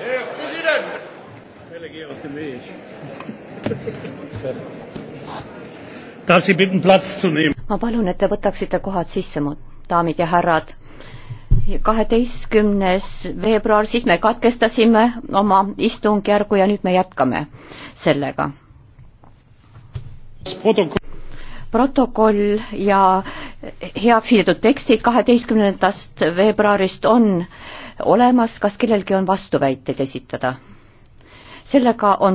Herr Präsident! Schnelle, geh aus dem Weg. Darf Sie bitten, Platz zu nehmen? ma palun, et te võtaksite kohad sisse, mu daamid ja härrad. kaheteistkümnes veebruar, siis me katkestasime oma istungjärgu ja nüüd me jätkame sellega. protokoll ja heaks kiidetud tekstid kaheteistkümnendast veebruarist on olemas, kas kellelgi on vastuväiteid esitada? sellega on